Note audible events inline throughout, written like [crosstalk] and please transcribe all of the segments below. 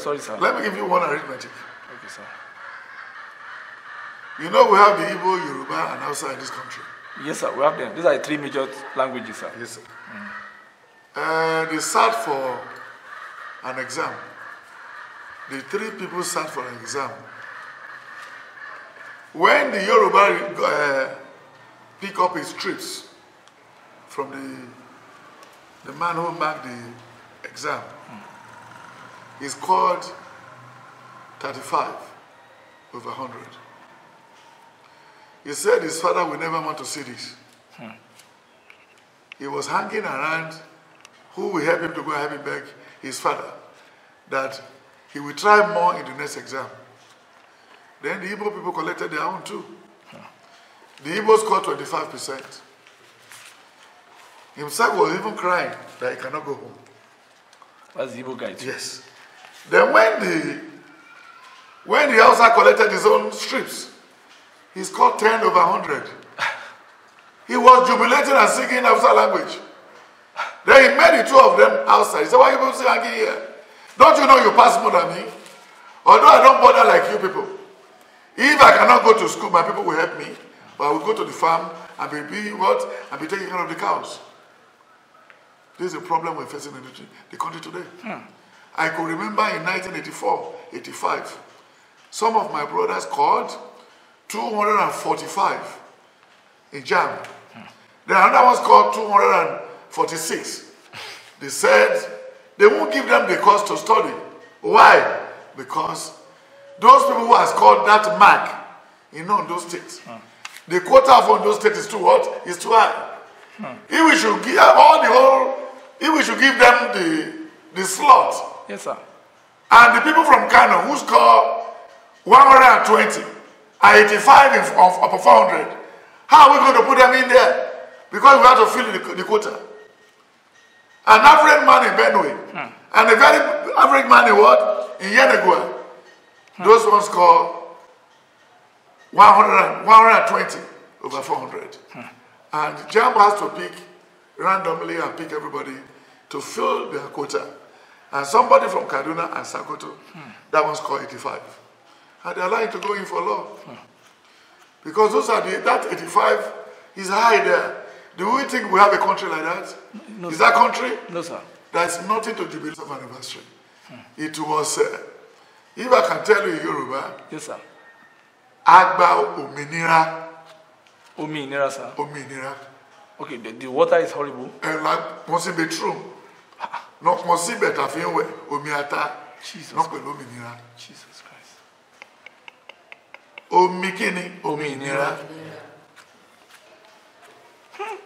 sorry, sir. Let me give you one arithmetic. Okay, sir. You know we have the Igbo, Yoruba, and Hausa in this country. Yes, sir. We have them. These are the three major languages, sir. Yes, sir. Mm. Uh, they sat for an exam. The three people sat for an exam. When the Yoruba uh, pick up his trips from the the man who marked the exam, mm. is called 35 over 100. He said his father will never want to see this. Hmm. He was hanging around who will help him to go help him beg his father that he will try more in the next exam. Then the Igbo people collected their own too. Hmm. The Igbos scored 25%. Himself was even crying that he cannot go home. That's the guys. guy too. Yes. Then when the when the Hausa collected his own strips, he scored 10 over 100. He was jubilating and singing Hausa language. Then he made the two of them outside. He said, Why are you people sitting here? Don't you know you pass more than me? Although I don't bother like you people. If I cannot go to school, my people will help me. But I will go to the farm and be, be what? And be taking care of the cows. This is a problem we're facing in the, the country today. Hmm. I could remember in 1984, 85, some of my brothers called 245 in jam. The Then another called 246. They said they won't give them the cost to study. Why? Because those people who has called that mark in those states, hmm. the quota of those states is too what? Is too high. Hmm. If we should give all the whole, if we should give them the, the slot, Yes, sir. And the people from Kano who score 120 are 85 in, of, of 400, how are we going to put them in there? Because we have to fill the, the quota. An average man in Benue hmm. and a very average man in what? In Yenegua. Hmm. Those ones score 100, 120 over 400. Hmm. And Jam has to pick randomly and pick everybody to fill their quota. And somebody from Kaduna and Sakoto, hmm. that one's called 85. And they allowed to go in for law. Hmm. Because those are the, that 85 is high there. Do we think we have a country like that? No, is sir. that country? No, sir. There's nothing to jubilee of anniversary. Hmm. It was, uh, if I can tell you Yoruba, yes, sir. Agba Ominira. Ominira, sir. Ominira. Okay, the, the water is horrible. And like, must it be true? náà pọn síbẹ̀ tàfi ń wẹ̀ omi ata náà pẹ̀lú òmìnira omi kíni omi ìnira. Hmm.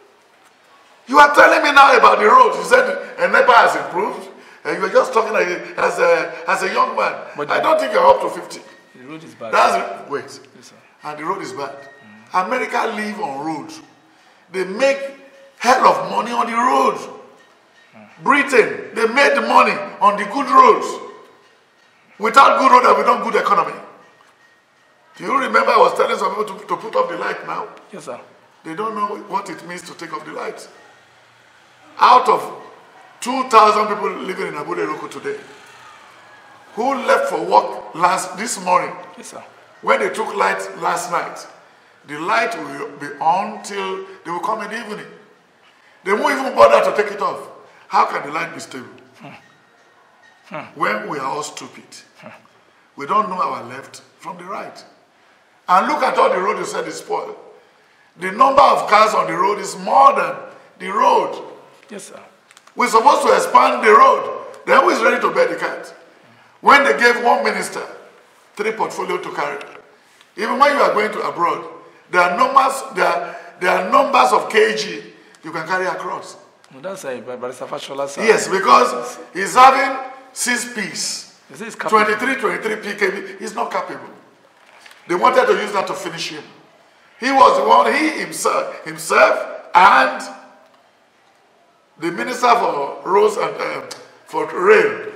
You are telling me now about the road. You said NEPA has improved. And you are just talking like, as, a, as a young man. But I don't think you're up to fifty. The road is bad. That's, wait. Yes, sir. And the road is bad. Mm. America live on roads. They make hell of money on the roads. Britain, they made money on the good roads. Without good roads, there will not good economy. Do you remember I was telling some people to, to put off the light now? Yes, sir. They don't know what it means to take off the lights. Out of 2,000 people living in Abuja today, who left for work last this morning, yes, sir. when they took light last night, the light will be on till they will come in the evening. They won't even bother to take it off. How can the line be stable? When we are all stupid. We don't know our left from the right. And look at all the road you said is spoiled. The number of cars on the road is more than the road. Yes, sir. We're supposed to expand the road. They're always ready to bear the cat. When they gave one minister three portfolio to carry, even when you are going to abroad, there are numbers, there are, there are numbers of kg you can carry across that's a, yes, because he's having six P's. 23, 23 PKB. He's not capable. They wanted to use that to finish him. He was the one, he himself, himself and the minister for roads and um, for rail.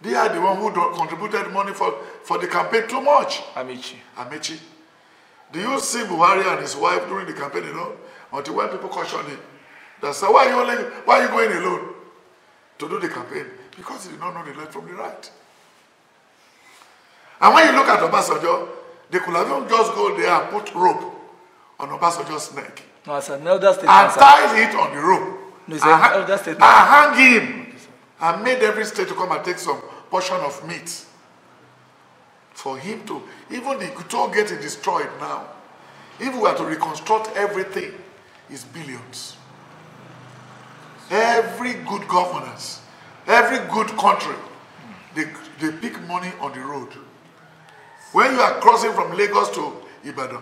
They are the one who contributed money for, for the campaign too much. Amici. Amici. Do you see Buhari and his wife during the campaign, you know? Until when people question him, That's why are you only, why are you going alone to do the campaign? Because he did not know the left from the right. And when you look at Obasanjo, they could have just go there and put rope on Obasanjo's neck. No, sir, no, that's the And tie it on the rope. No, sir, and, no, that's the and hang him. and made every state to come and take some portion of meat. For him to, even the toll gate destroyed now. If we are to reconstruct everything, it's billions. Every good governance, every good country, they, they pick money on the road. When you are crossing from Lagos to Ibadan,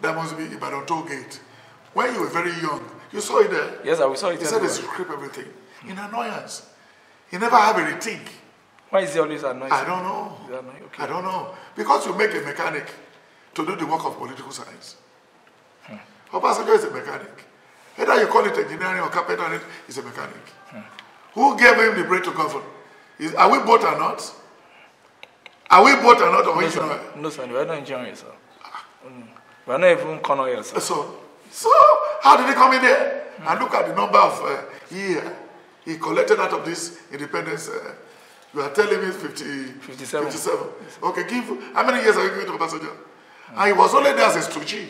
there must be Ibadan toll gate. When you were very young, you saw it there. Yes, I saw it. He said they scrape everything. In annoyance. You never have a rethink. Why is he always annoyed? I don't know. Okay. I don't know. Because you make a mechanic to do the work of political science. Hmm. Obasanjo is a mechanic. Whether you call it engineering or carpenter, it, it's a mechanic. Who gave him the brain to govern? Is, are we both or not? Are we both or not? Or no, sir. no, sir. We're not engineering, sir. Mm. We're not even colonel sir. So, so, how did he come in there? Hmm. And look at the number of uh, year uh, he collected out of this independence. Uh, you are telling me 50, 57. 57. Okay, give. How many years are you giving to Obasanjo? Hmm. And he was only there as a Struji.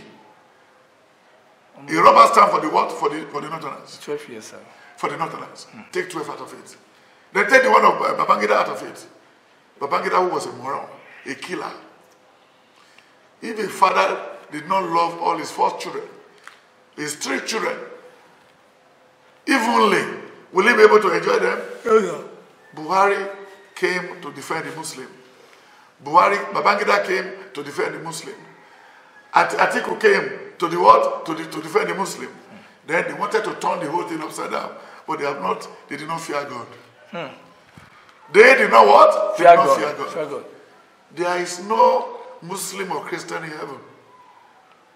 A Robert's time for the what? For the for the northerners. Twelve years, sir. For the northerners. Take twelve out of it. Then take the one of uh, Babangida out of it. Babangida who was a moron, a killer. If a father did not love all his four children, his three children, evenly, will he be able to enjoy them? Oh, yeah. Buhari came to defend the Muslim. Buhari, Babangida came to defend the Muslim. At Atiku came to the what? To, the, to defend the Muslim. Mm. Then they wanted to turn the whole thing upside down, but they have not. They did not fear God. Mm. They did not what? Fear, not God. fear God. Fear God. There is no Muslim or Christian in heaven.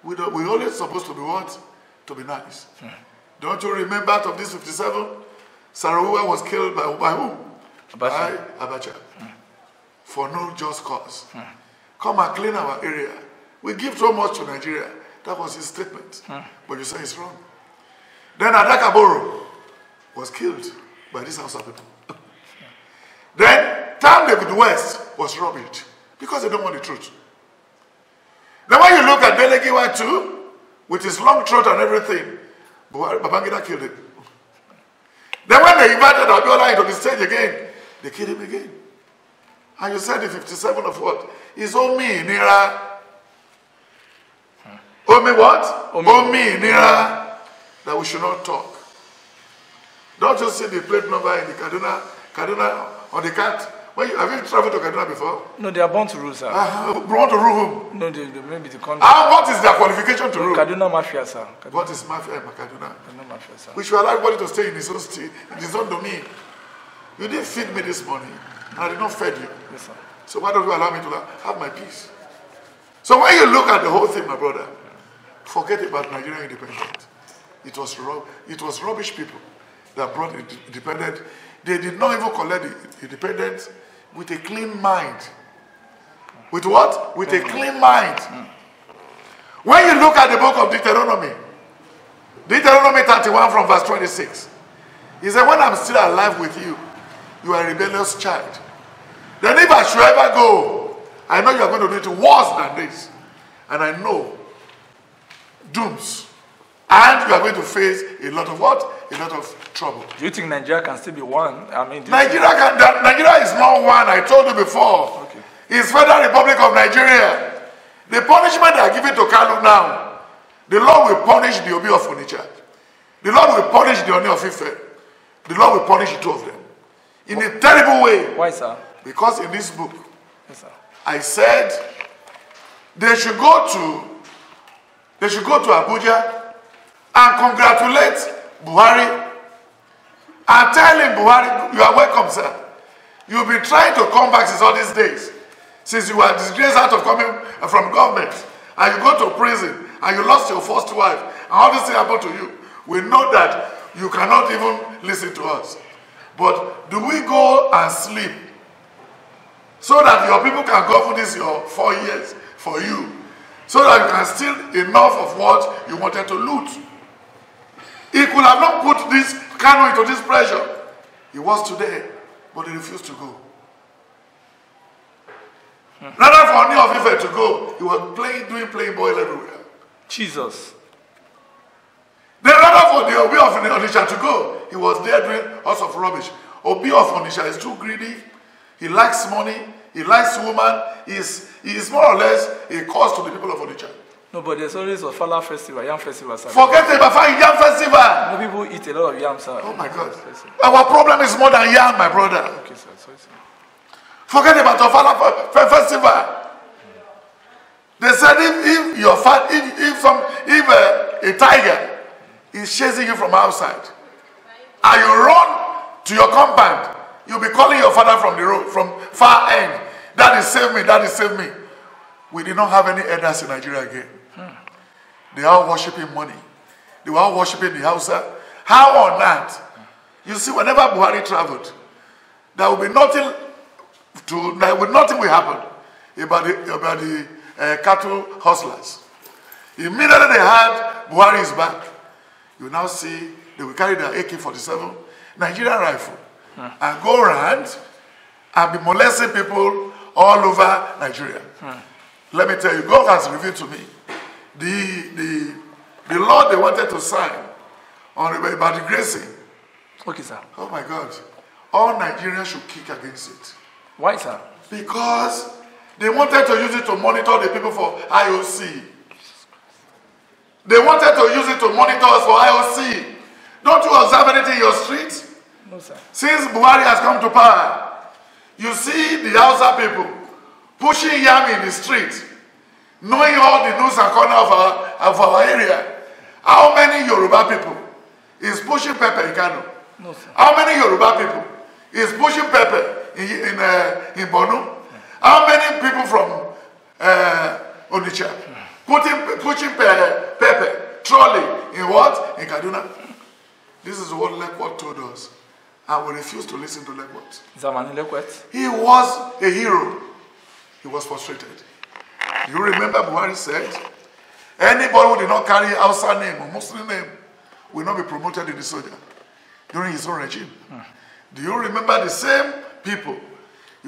We don't, we're always supposed to be what? To be nice. Mm. Don't you remember out of this 57? Sarawua was killed by, by whom? Abacha. By Abacha. Mm. For no just cause. Mm. Come and clean our area. We give so much to Nigeria. That was his statement. But you say it's wrong. Then Adakaboro was killed by this house of people. then Tom David West was robbed because they don't want the truth. Then when you look at Delegiwa too, with his long throat and everything, Babangida killed him. Then when they invited Abiola into the stage again, they killed him again. And you said the 57 of what? His own me, Nira. Omi what? Omi. Omi Nira. That we should not talk. Don't just see the plate number in the Kaduna, Kaduna on the cat. have you traveled to Kaduna before? No, they are born to rule, sir. Uh, born to rule whom? No, they, they maybe the country. Ah, what is their qualification to rule? Kaduna mafia, sir. Kaduna. What is mafia in eh, Kaduna? Kaduna mafia, sir. We should allow everybody to stay in his own state, in his own domain. You didn't feed me this morning, and I did not feed you. Yes, sir. So why don't you allow me to have my peace? So when you look at the whole thing, my brother, Forget about Nigerian independence. It was, it was rubbish people that brought independence. They did not even collect independence with a clean mind. With what? With a clean mind. When you look at the book of Deuteronomy, Deuteronomy 31 from verse 26, he said, When I'm still alive with you, you are a rebellious child. Then if I should ever go, I know you are going to do it worse than this. And I know dooms. And you are going to face a lot of what? A lot of trouble. Do you think Nigeria can still be one? I mean, Nigeria can, Nigeria is not one. I told you before. Okay. It's Federal Republic of Nigeria. The punishment they are giving to Kalu now, the Lord will punish the Obi of Onitsha. The Lord will punish the Oni of Ife. The Lord will punish the two of them in what? a terrible way. Why, sir? Because in this book, yes, I said they should go to they should go to Abuja and congratulate Buhari and tell him, Buhari, you are welcome, sir. You've been trying to come back since all these days, since you were disgraced out of coming from government, and you go to prison, and you lost your first wife, and all this thing happened to you. We know that you cannot even listen to us. But do we go and sleep so that your people can govern this your four years for you so that you can steal enough of what you wanted to loot. He could have not put this canoe into this pressure. He was today, but he refused to go. Hmm. Rather for Oni of Ife to go, he was playing, doing playing ball everywhere. Jesus. Then rather for the Obi of Onisha to go, he was there doing lots of rubbish. Obi of Onisha is too greedy. He lacks money. He likes woman. He's, he's more or less a cause to the people of Onitsha. No, but there's always a Ofala festival, yam festival. Sir. Forget about yam festival. No, people eat a lot of yam, sir. Oh my God. Our problem is more than yam, my brother. Okay, sir. Sorry, sir. Forget about the Ofala festival. They said if, if your fat, if, if some, if a, uh, a tiger is chasing you from outside, and you run to your compound, you'll be calling your father from the road, from far end. Daddy, save me. Daddy, save me. We did not have any elders in Nigeria again. Hmm. They are worshiping money. They were all worshiping the house. How on that? You see, whenever Buhari traveled, there will be nothing to, there will, nothing will happen about the, about the uh, cattle hustlers. Immediately they had Buhari is back. You now see they will carry their AK-47, Nigerian rifle, hmm. and go around and be molesting people all over Nigeria. Hmm. Let me tell you, God has revealed to me the, the, the law they wanted to sign on about the Gracie. Okay, sir. Oh my God. All Nigeria should kick against it. Why, sir? Because they wanted to use it to monitor the people for IOC. They wanted to use it to monitor us for IOC. Don't you observe anything in your street? No, sir. Since Buhari has come to power, you see the Hausa people pushing yam in the street, knowing all the news and corner of our, of our area. How many Yoruba people is pushing pepper in Kano? No, sir. How many Yoruba people is pushing pepper in, in, uh, in Bono? Yeah. How many people from uh, Onitsha yeah. putting, pushing pepper, pepper, trolley in what? In Kaduna? This is what Lekwa told us. I will refuse to listen to Lekwet. Zamani Lekwet. He was a hero. He was frustrated. You remember Buhari said, anybody who did not carry Hausa name or Muslim name will not be promoted in the soldier during his own regime. Do you remember the same people?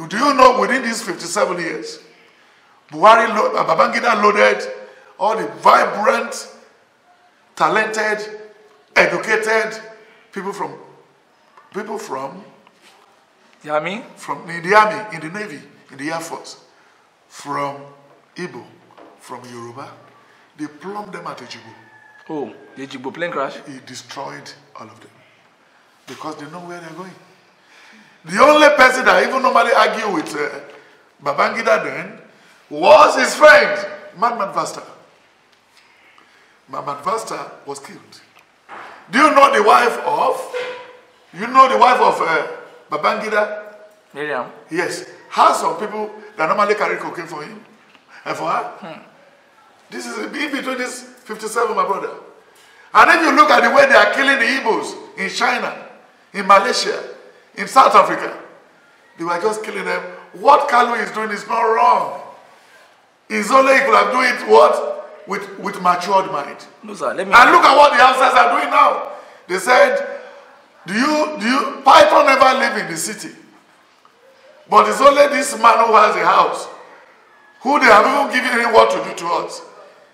Do you know within these 57 years, Buhari, uh, Babangida loaded all the vibrant, talented, educated people from people from the army, from in the army, in the navy, in the air force, from Igbo, from Yoruba, they plumbed them at Ejigbo. Oh, the Ejigbo plane crash? He destroyed all of them because they know where they're going. The only person that even normally argue with uh, Babangida then was his friend, Madman Vasta. Madman Vasta was killed. Do you know the wife of you know the wife of uh, Babangida? Miriam. Yes. How some people that normally carry cocaine for him and uh, for her. Hmm. This is in between this 57, my brother. And if you look at the way they are killing the Igbos in China, in Malaysia, in South Africa, they were just killing them. What Kalu is doing is not wrong. It's only if could do it what? With, with matured mind. No, sir, and look at what the outsiders are doing now. They said do you, do you, Python never live in the city. But it's only this man who has a house who they have even given him what to do to us.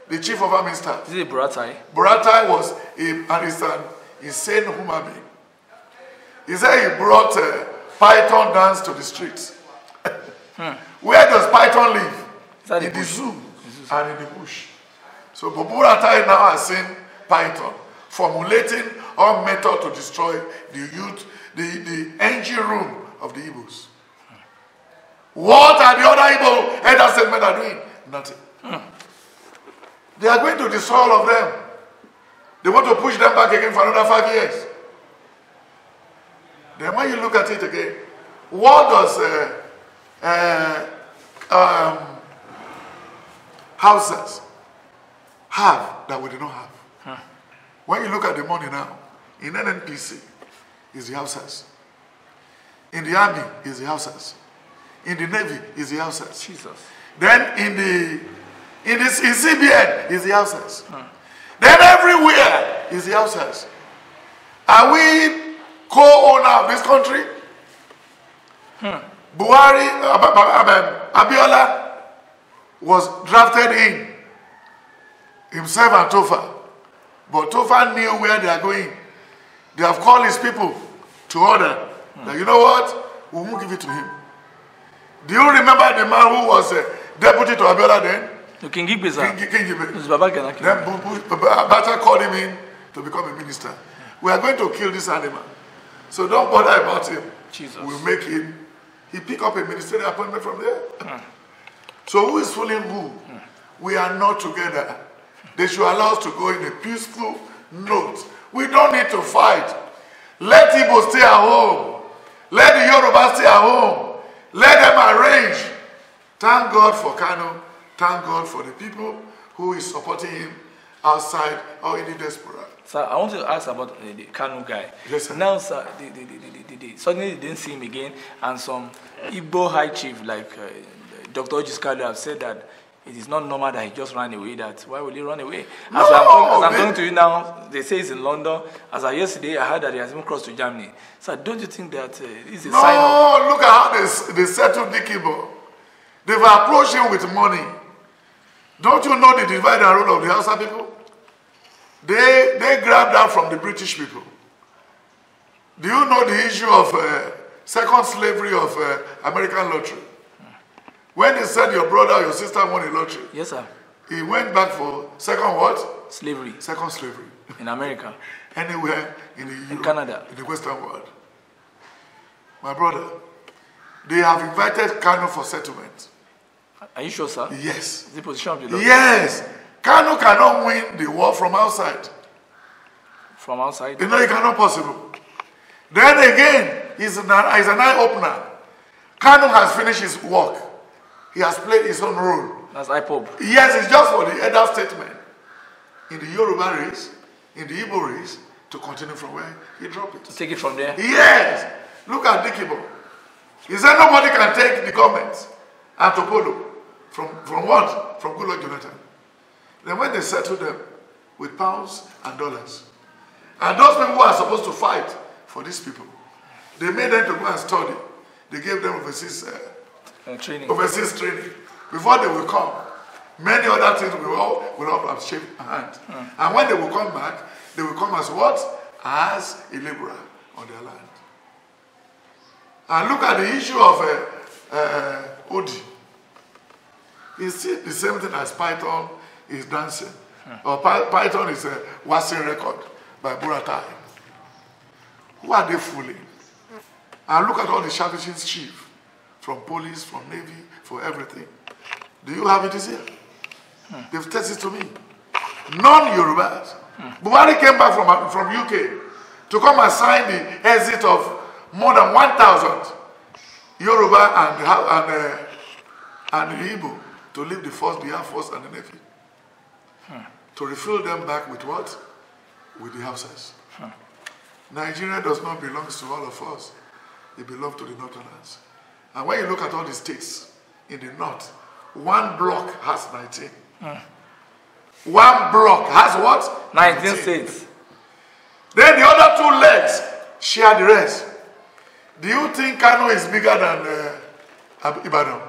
The chief of our minister. This is Buratai. Buratai was a, an insane human being. He said he brought uh, Python dance to the streets. [laughs] hmm. Where does Python live? In the, the zoo and in the bush. So Buratai now has seen Python formulating all method to destroy the youth, the, the engine room of the Igbos. What are the other Igbo elder statement are doing? Nothing. They are going to destroy all of them. They want to push them back again for another five years. Then when you look at it again, what does uh, uh, um, houses have that we do not have? Huh. When you look at the money now, in NNPC, is the Hausas. In the army, is the Hausas. In the navy, is the Hausas. Jesus. Then in the in this in CBN is the Hausas. Hmm. Then everywhere is the Hausas. Are we co-owner of this country? Hmm. Buhari uh, Abiola was drafted in himself and Tofa. But Tofa knew where they are going. They have called his people to order. Hmm. you know what? We won't give it to him. Do you remember the man who was a uh, deputy to Abiola then? No, King Ibe, sir. King, King Ibe. then Abacha called him in to become a minister. Hmm. We are going to kill this animal. So don't bother about him. Jesus. We'll make him. He pick up a ministerial appointment from there. Hmm. So who is fooling who? Hmm. We are not together. They should allow us to go in a peaceful note we don't need to fight. Let Igbo stay at home. Let the Yoruba stay at home. Let them arrange. Thank God for Kano. Thank God for the people who is supporting him outside or in the diaspora. Sir, I want to ask about uh, the Kanu guy. Yes, sir. Now, sir, they, they, they, they, suddenly they didn't see him again, and some Igbo high chief like uh, Dr. Ojiskalu have said that it is not normal that he just ran away. That why would he run away? As, no, I'm, talking, as I'm talking to you now, they say he's in London. As I yesterday, I heard that he has moved across to Germany. So don't you think that uh, this is a no, sign of? look at how they they settled Nikibo. They've approached him with money. Don't you know the divide and rule of the Hausa people? They they grabbed that from the British people. Do you know the issue of uh, second slavery of uh, American lottery? When they said your brother or your sister won a lottery, yes, sir. He went back for second what? Slavery. Second slavery. In America. [laughs] Anywhere in the in Canada. In the Western world. My brother, they have invited Kano for settlement. Are you sure, sir? Yes. The position of the Lord. Yes. Kano cannot win the war from outside. From outside? You know, it cannot possible. Then again, is an, an eye opener. Kano has finished his work. He has played his own role. That's IPOB. Yes, it's just for the elder statement. In the Yoruba race, in the Igbo race, to continue from where he dropped it. To take it from there? Yes. Look at Dikibo. He said nobody can take the government and Topolo. From, from what? From Goodluck Jonathan. Then when they settle them with pounds and dollars, and those people who are supposed to fight for these people, they made them to go and study. They gave them overseas uh, training. overseas training. Before they will come, many other things will all, will all have shaped hand. Mm. And when they will come back, they will come as what? As a laborer on their land. And look at the issue of uh, uh, Odi. You see the same thing as Python is dancing. Mm. Or Py Python is a uh, washing record by Buratai. Who are they fooling? And look at all the Shavishin's chief from police, from navy, for everything. Do you have it here? Hmm. They've tested to me. Non-Yorubas. Hmm. Buhari came back from, from UK to come and sign the exit of more than 1,000 Yoruba and, and, uh, and Igbo to leave the force, the air force, and the navy. Hmm. To refill them back with what? With the houses. Hmm. Nigeria does not belong to all of us. It belongs to the Northerners. And when you look at all the states in the north, one block has 19. Mm. One block has what? 19, 19 states. Then the other two legs share the rest. Do you think Kano is bigger than uh, Ibadan?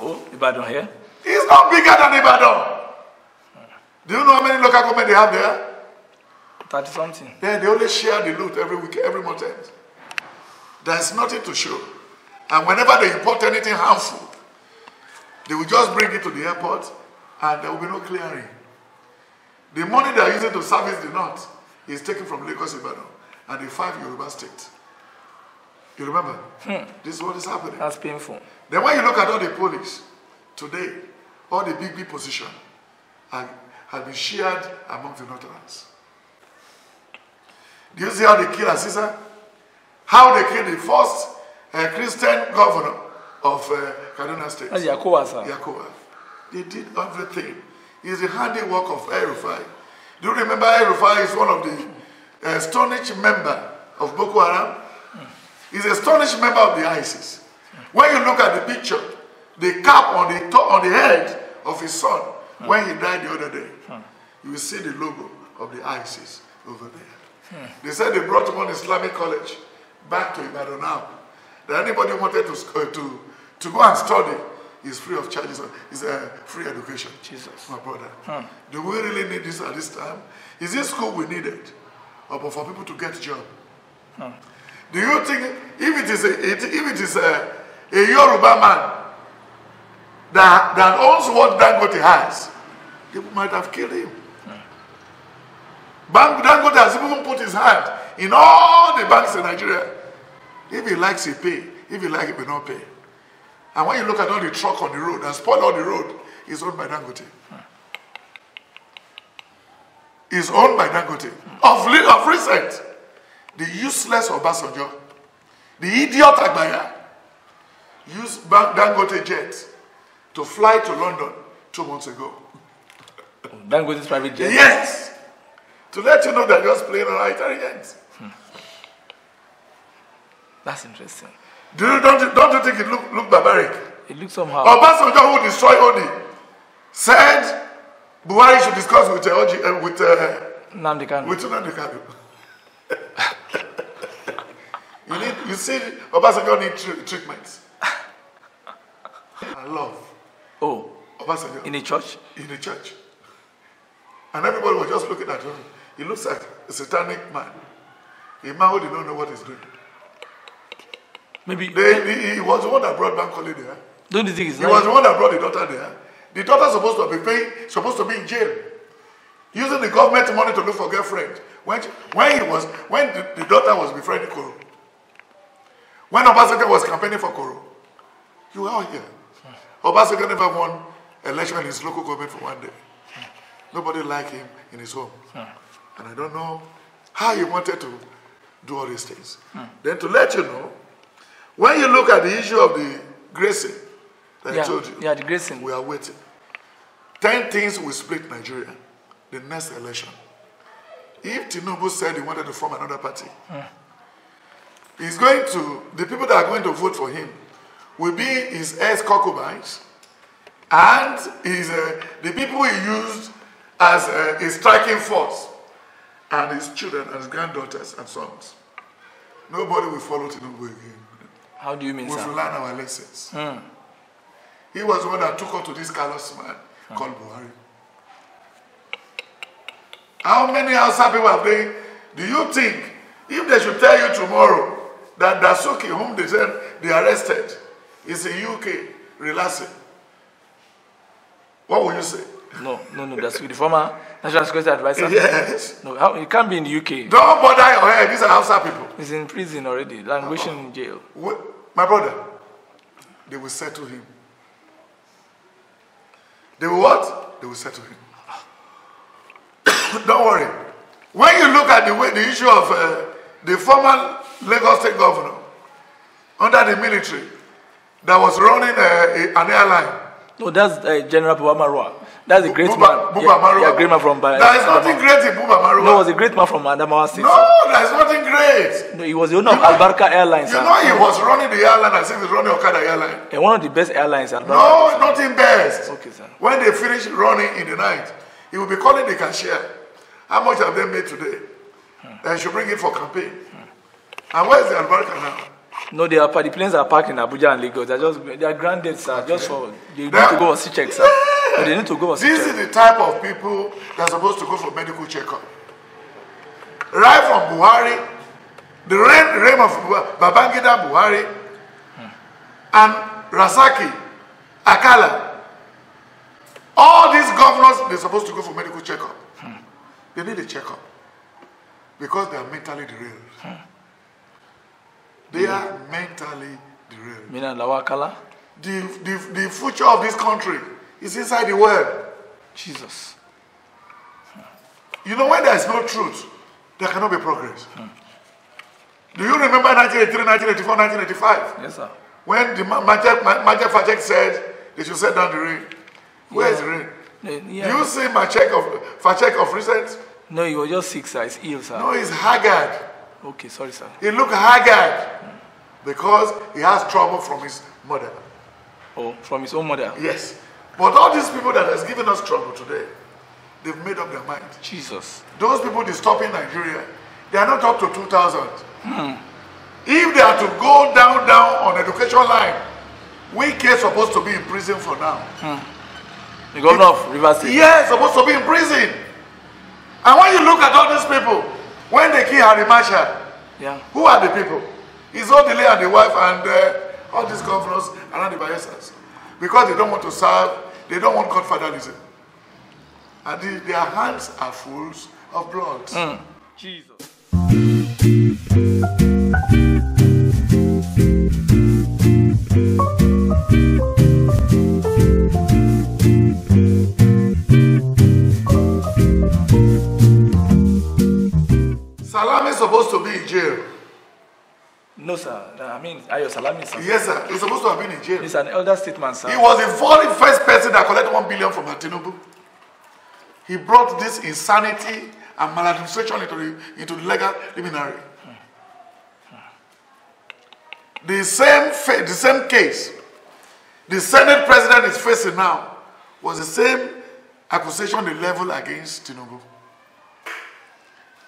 Oh, Ibadan here? It's not bigger than Ibadan. Do you know how many local government they have there? 30 something. Yeah, they only share the loot every week, every month. There's nothing to show. And whenever they import anything harmful, they will just bring it to the airport and there will be no clearing. The money they are using to service the north is taken from Lagos Ibadan and the five Yoruba states. You remember? Hmm. This is what is happening. That's painful. Then when you look at all the police today, all the big, big position have, been shared among the Northerners. Do you see how they kill Aziza? How they kill the first a Christian governor of uh, Kaduna State. That's Yakuwa, sir. Yakuwa. They did everything. It's the handiwork of Erufai. Do you remember Erufai is one of the uh, staunch member of Boko Haram? Hmm. He's a staunch member of the ISIS. Hmm. When you look at the picture, the cap on the top, on the head of his son, hmm. when he died the other day, hmm. you will see the logo of the ISIS over there. Hmm. They said they brought one Islamic college back to Ibadan now that anybody wanted to, uh, to, to go and study is free of charges. Uh, it's a uh, free education. Jesus. My brother. Hmm. Do we really need this at this time? Is this school we needed? Or for people to get job? Hmm. Do you think if it is a, if it is a, a Yoruba man that, that owns what Dangote has, people might have killed him. Hmm. Bank, Dangote has even put his hand in all the banks in Nigeria If he likes, he pay. If he like, he will not pay. And when you look at all the truck on the road and spoil all the road, it's owned by Dangote. It's owned by Dangote. Of, of recent, the useless Obasanjo, the idiot Agbaya, used Dangote jet to fly to London two months ago. Dangote's private jet? Yes! To let you know they're just playing around Italians. Hmm. That's interesting. Do you, don't, you, don't you think it look, look barbaric? It looks somehow. Obasanjo, who destroyed Odi, said Buhari should discuss with uh, uh with uh, Namdi Kanu. With Namdi Kanu. [laughs] you need, you see, Obasanjo need tr- treatments. and love. Oh. Obasanjo. In a church. In a church. And everybody was just looking at him. He looks like a satanic man. A man who did not know what he's doing. Maybe. They, he, he, was the one that brought Bank Holiday. Huh? Eh? Don't you think He lying? was the one that brought the daughter there. Eh? The daughter supposed to be paying, supposed to be in jail. Using the government money to look for girlfriend. When, she, when he was, when the, the daughter was befriending Koro. When Obasanjo was campaigning for Koro. You are here. Obasanjo never won election in his local government for one day. Nobody liked him in his home. Hmm. And I don't know how he wanted to do all these things. Then to let you know, when you look at the issue of the gracing that yeah, I told you, yeah, the gracing. we are waiting. 10 things will split Nigeria the next election. If Tinubu said he wanted to form another party, mm. he's going to, the people that are going to vote for him will be his ex concubines and his, uh, the people he used as uh, a striking force, and his children, and his granddaughters, and sons. Nobody will follow Tinubu again. How do you mean, We've learned our lessons. Mm. He was the one that took her to this callous man mm. called Buhari. How many Hausa people have they? Do you think if they should tell you tomorrow that Dasuki, whom they said they arrested, is in UK relaxing, what will you say? No, no, no. That's the former national security advisor. Yes. No, how, it can't be in the UK. Don't bother your head. These are outside people. He's in prison already, languishing oh. in jail. my brother, they will settle him. They will what? They will settle him. [coughs] Don't worry. When you look at the way the issue of uh, the former Lagos state governor under the military that was running uh, an airline. No, that's uh, General Pawama Roa. That's a great Buba, man. Buba yeah, Maruwa. Yeah, great man from Bar- There is nothing great in Buba Maruwa. No, he was a great man from Adamawa City. No, there is nothing great. No, he was the owner you of Albarca Airlines. You and, know, he was running the airline as if he's running Okada Airline. And one of the best airlines. Albarca, no, sir. nothing best. Okay, sir. When they finish running in the night, he will be calling the cashier. How much have they made today? Hmm. Then she bring it for campaign. Hmm. And where is the Albarca now? No, they are the planes are parked in Abuja and Lagos. They're just they are grounded, sir. Okay. Just for they need to go and see check, sir. Yeah. but they need to go for This is the type of people that are supposed to go for medical checkup. Right from Buhari, the reign, reign of Babangida Buhari, hmm. and Rasaki, Akala, all these governors, they're supposed to go for medical checkup. Hmm. They need a checkup because they are mentally derailed. Hmm. They yeah. are mentally derailed. The, the, the future of this country It's inside the word. Jesus. You know, when there is no truth, there cannot be progress. Hmm. Do you remember 1983, 1984, 1985? Yes, sir. When the Majek, Majek Fajek said they should set down the ring. Where yeah. is the ring? yeah. Do you see Majek of, Fajek of recent? No, he was just sick, sir. He's ill, sir. No, he's haggard. Okay, sorry, sir. He looked haggard hmm. because he has trouble from his mother. Oh, from his own mother? Yes. But all these people that has given us trouble today, they've made up their mind. Jesus. Those people disturbing Nigeria, they are not up to 2,000. Hmm. If they are to go down, down on education line, we are supposed to be in prison for now. Hmm. The governor Yeah, supposed to be in prison. And when you look at all these people, when they kill Harry Marshall, yeah. who are the people? It's all the and the wife and uh, all these governors and all the biases. because they don't want to serve, they don't want godfatherism. And the, their hands are full of blood. Mm. Jesus. Salam is supposed to be in jail. No, sir. I mean, are you Salami, sir. Yes, sir. He's supposed to have been in jail. He's an elder statement, sir. He was the very first person that collected one billion from Atinubu. He brought this insanity and maladministration into the, into the legal liminary. The same, the same case the Senate president is facing now was the same accusation they leveled against Tinubu.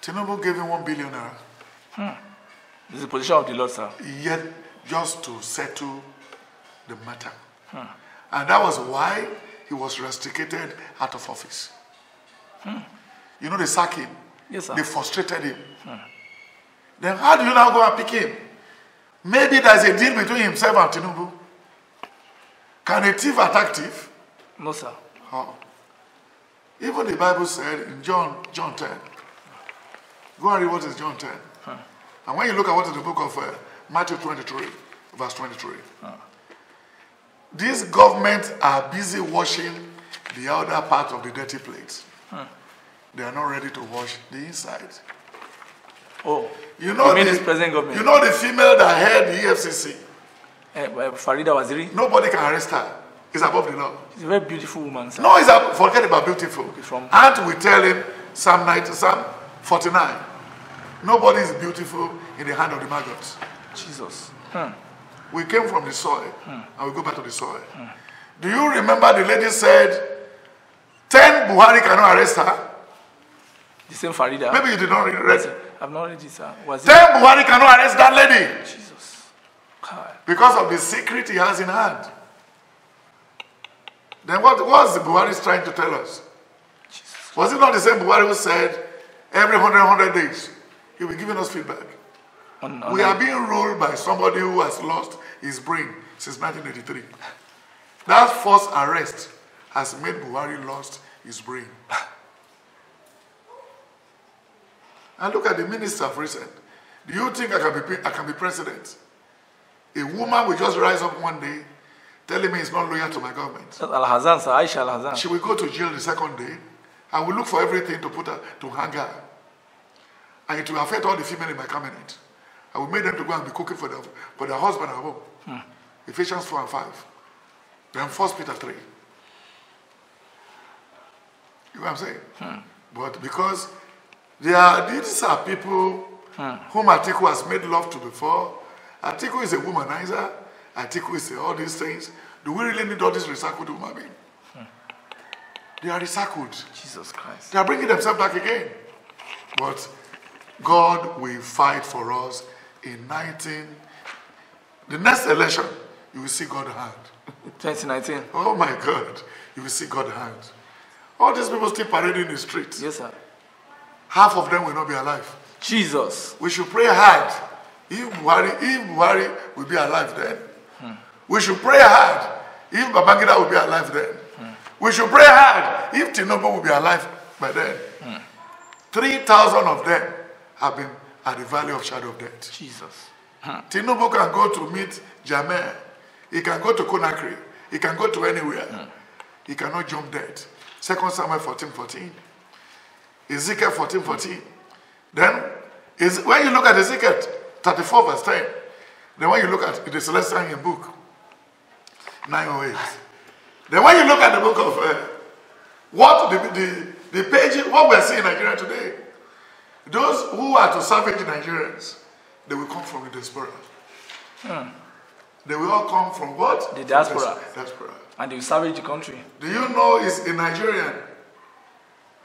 Tinubu gave him one billion naira. Hmm. This is the position of the Lord, sir. Yet, just to settle the matter. Hmm. And that was why he was rusticated out of office. Hmm. You know, they sacked him. Yes, sir. They frustrated him. Hmm. Then how do you now go and pick him? Maybe there's a deal between himself and Tinubu. Can a thief attack thief? No, sir. How? Even the Bible said in John, John 10. Go and read what is John 10. And when you look at what is the book of uh, Matthew 23, verse 23, these governments are busy washing the outer part of the dirty plate. They are not ready to wash the inside. Oh, you know, the, present government. you know the female that head the EFCC? Uh, eh, eh, Farida Waziri? Nobody can arrest her. It's above the law. She's a very beautiful woman, sir. No, it's a, forget about beautiful. Okay, from... and we tell him Psalm, 90, Psalm 49. Nobody is beautiful in the hand of the maggots. Jesus. Hmm. We came from the soil hmm. and we go back to the soil. Hmm. Do you remember the lady said, 10 Buhari cannot arrest her? The same Farida. Maybe you did not read it. I've not read it, sir. Was 10 Buhari cannot arrest that lady. Jesus. God. Because of the secret he has in hand. Then what was the Buhari trying to tell us? Jesus. Was it not the same Buhari who said, every 100, 100 days, He'll be giving us feedback. On, on we are being ruled by somebody who has lost his brain since 1983. That forced arrest has made Buhari lost his brain. and look at the minister of recent. Do you think I can be, I can be president? A woman will just rise up one day telling me it's not loyal to my government. Al-Hazan, Aisha Al-Hazan. She will go to jail the second day. I will look for everything to put her, to hang her and it will affect all the female in my cabinet. I will make them to go and be cooking for their, for their husband at home. Hmm. Ephesians 4 and 5. Then 1 Peter 3. You know what I'm saying? Hmm. But because there are, these are people hmm. whom Atiku has made love to before. Atiku is a womanizer. Atiku is a, all these things. Do we really need all these recycled human beings? Hmm. They are recycled. Jesus Christ. They are bringing themselves back again. But God will fight for us in 19. The next election, you will see God's hand. [laughs] 2019. Oh my God, you will see God's hand. All these people still parading in the streets. Yes, sir. Half of them will not be alive. Jesus. We should pray hard. If Buhari, if Buhari will be alive then. Hmm. We should pray hard. If Babangida will be alive then. Hmm. We should pray hard. If Tinobu will be alive by then. Hmm. 3,000 of them have been at the valley of shadow of death. Jesus. Huh. Tinubu can go to meet Jamel. He can go to Conakry. He can go to anywhere. Hmm. He cannot jump dead. Second Samuel 14 14. Ezekiel 14 14. Then, is, when you look at Ezekiel 34 verse 10, then when you look at the Celestial in book, 908. Then when you look at the book of uh, what the, the, the page, what we're seeing in Nigeria today, those who are to savage Nigerians, they will come from the diaspora. Hmm. They will all come from what? The diaspora. The diaspora. And they will savage the country. Do you know is a Nigerian?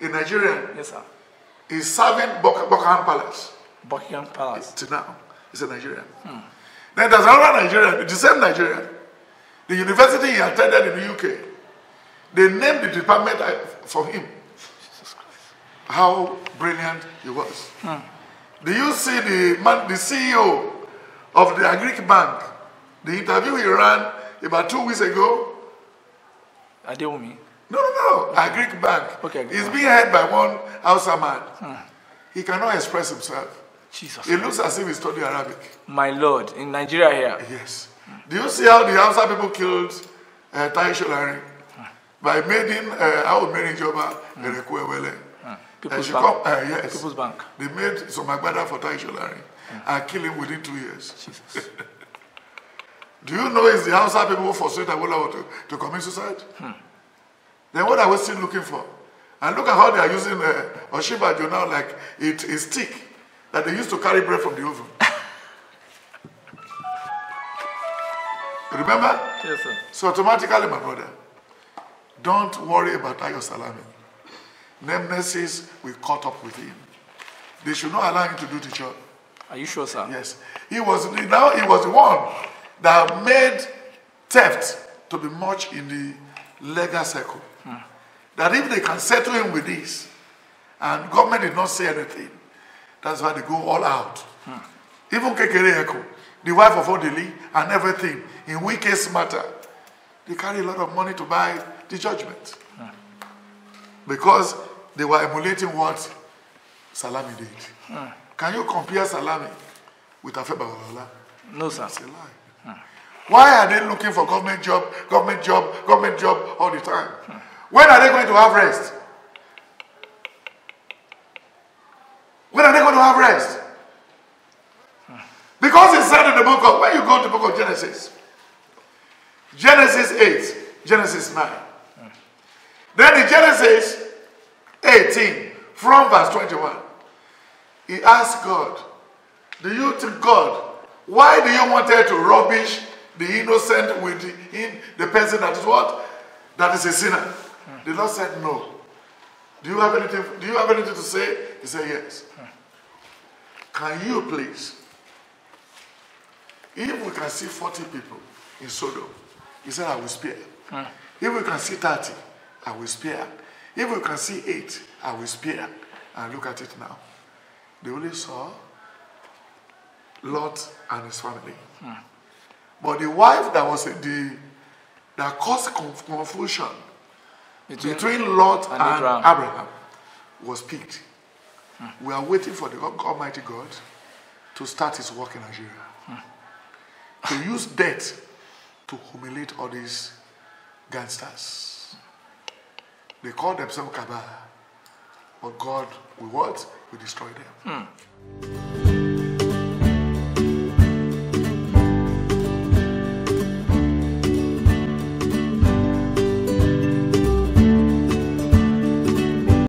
A Nigerian. Yes, sir. Is serving Buckingham Palace. Buckingham Palace. To now, is a Nigerian. Hmm. Then there's another Nigerian, the same Nigerian. The university he attended in the UK, they named the department uh, for him how brilliant he was. Hmm. Do you see the man, the CEO of the Agric Bank? The interview he ran about two weeks ago. Adeomi. No, no, no. Okay. Agric Bank. Okay. He's being held by one Hausa man. Hmm. He cannot express himself. Jesus. It looks as if he studied Arabic. My Lord, in Nigeria here. Yes. Do you see how the Hausa people killed uh, Tai Sholari? Mm. By making uh, our manager, mm. Erekwewele. People's Bank. Uh, yes. People's Bank. They made some agbada for Tai Sholari mm. and kill him within two years. Jesus. [laughs] Do you know it's the Hausa people who forced Awola to, to commit suicide? Hmm. Then what are we still looking for? And look at how they are using uh, Oshibajo now like it is stick that they used to carry bread from the oven. [laughs] Remember? Yes, sir. So automatically, my brother, don't worry about Ayo Salami. Nemesis will caught up with him. They should not allow him to do the job. Are you sure, sir? Yes. He was now he was the one that made theft to be much in the legal circle. Hmm. That if they can settle him with this, and government did not say anything, that's why they go all out. Hmm. Even Kekere Eko, the wife of Odili, and everything, in weakest matter, they carry a lot of money to buy the judgment. Hmm. Because they were emulating what Salami did. Hmm. Can you compare Salami with Afe Babalola? No, sir. It's a lie. Hmm. Why are they looking for government job, government job, government job all the time? Hmm. When are they going to have rest? When are they going to have rest? Hmm. Because it said in the book of, when you go to the book of Genesis, Genesis 8, Genesis 9. Hmm. Then in Genesis 18 from verse 21. He asked God, Do you think, God, why do you want to rubbish the innocent with the, the person that is what? That is a sinner. Hmm. The Lord said, No. Do you have anything, do you have anything to say? He said, Yes. Hmm. Can you please, if we can see 40 people in Sodom, he said, I will spare. Hmm. If we can see 30, I will spare. If you can see eight, I will spare. And look at it now. They only saw Lot and his family. Hmm. But the wife that was the that caused confusion between, between Lot and, and Abraham. Abraham. was picked. Hmm. We are waiting for the Almighty God to start his work in Nigeria. Hmm. To use death to humiliate all these gangsters. They call themselves Kaaba. But God, we what? We destroy them. Hmm.